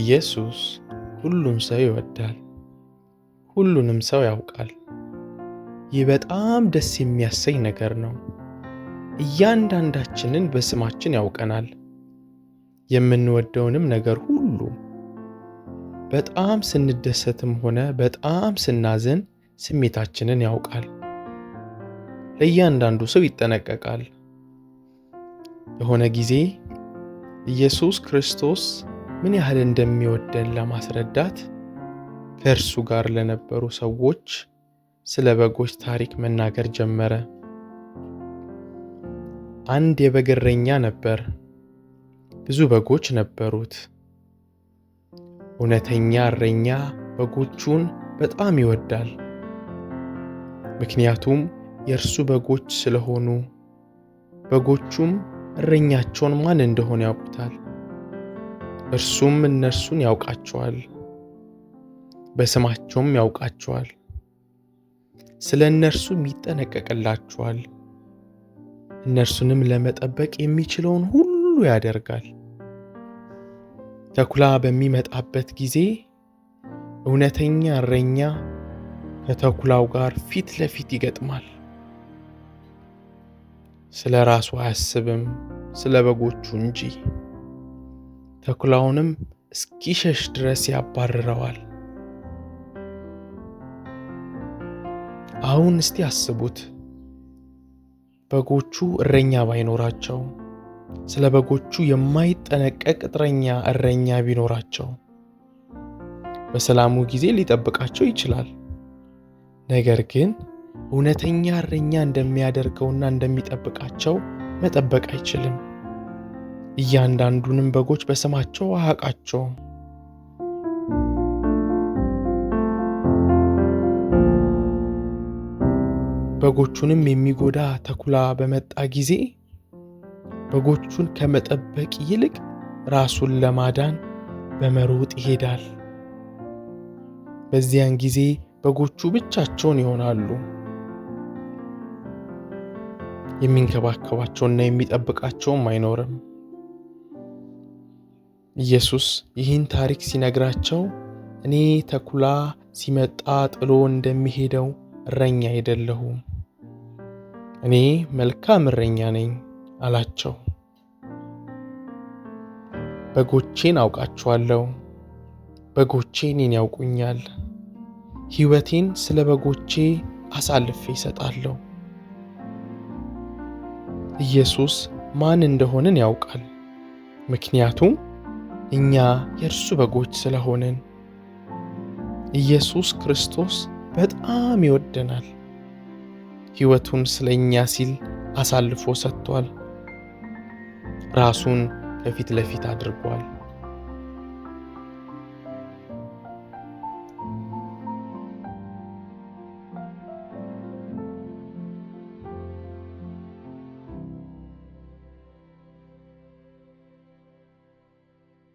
ኢየሱስ ሁሉን ሰው ይወዳል፣ ሁሉንም ሰው ያውቃል። ይህ በጣም ደስ የሚያሰኝ ነገር ነው። እያንዳንዳችንን በስማችን ያውቀናል፣ የምንወደውንም ነገር ሁሉ። በጣም ስንደሰትም ሆነ በጣም ስናዘን ስሜታችንን ያውቃል። ለእያንዳንዱ ሰው ይጠነቀቃል። የሆነ ጊዜ ኢየሱስ ክርስቶስ ምን ያህል እንደሚወደን ለማስረዳት ከእርሱ ጋር ለነበሩ ሰዎች ስለ በጎች ታሪክ መናገር ጀመረ። አንድ የበግ እረኛ ነበር። ብዙ በጎች ነበሩት። እውነተኛ እረኛ በጎቹን በጣም ይወዳል፣ ምክንያቱም የእርሱ በጎች ስለሆኑ። በጎቹም እረኛቸውን ማን እንደሆነ ያውቁታል። እርሱም እነርሱን ያውቃቸዋል፣ በስማቸውም ያውቃቸዋል፣ ስለ እነርሱም ይጠነቀቅላቸዋል። እነርሱንም ለመጠበቅ የሚችለውን ሁሉ ያደርጋል። ተኩላ በሚመጣበት ጊዜ እውነተኛ እረኛ ከተኩላው ጋር ፊት ለፊት ይገጥማል። ስለ ራሱ አያስብም፣ ስለ በጎቹ እንጂ። ተኩላውንም እስኪሸሽ ድረስ ያባርረዋል። አሁን እስቲ አስቡት፣ በጎቹ እረኛ ባይኖራቸው፣ ስለ በጎቹ የማይጠነቀቅ እጥረኛ እረኛ ቢኖራቸው በሰላሙ ጊዜ ሊጠብቃቸው ይችላል። ነገር ግን እውነተኛ እረኛ እንደሚያደርገውና እንደሚጠብቃቸው መጠበቅ አይችልም። እያንዳንዱንም በጎች በስማቸው አቃቸው በጎቹንም የሚጎዳ ተኩላ በመጣ ጊዜ በጎቹን ከመጠበቅ ይልቅ ራሱን ለማዳን በመሮጥ ይሄዳል። በዚያን ጊዜ በጎቹ ብቻቸውን ይሆናሉ። የሚንከባከባቸውና የሚጠብቃቸውም አይኖርም። ኢየሱስ ይህን ታሪክ ሲነግራቸው እኔ ተኩላ ሲመጣ ጥሎ እንደሚሄደው እረኛ አይደለሁም፣ እኔ መልካም እረኛ ነኝ አላቸው። በጎቼን አውቃቸዋለሁ፣ በጎቼ እኔን ያውቁኛል። ሕይወቴን ስለ በጎቼ አሳልፌ ይሰጣለሁ። ኢየሱስ ማን እንደሆንን ያውቃል፣ ምክንያቱም እኛ የእርሱ በጎች ስለሆንን ኢየሱስ ክርስቶስ በጣም ይወደናል። ሕይወቱን ስለ እኛ ሲል አሳልፎ ሰጥቷል። ራሱን ከፊት ለፊት አድርጓል።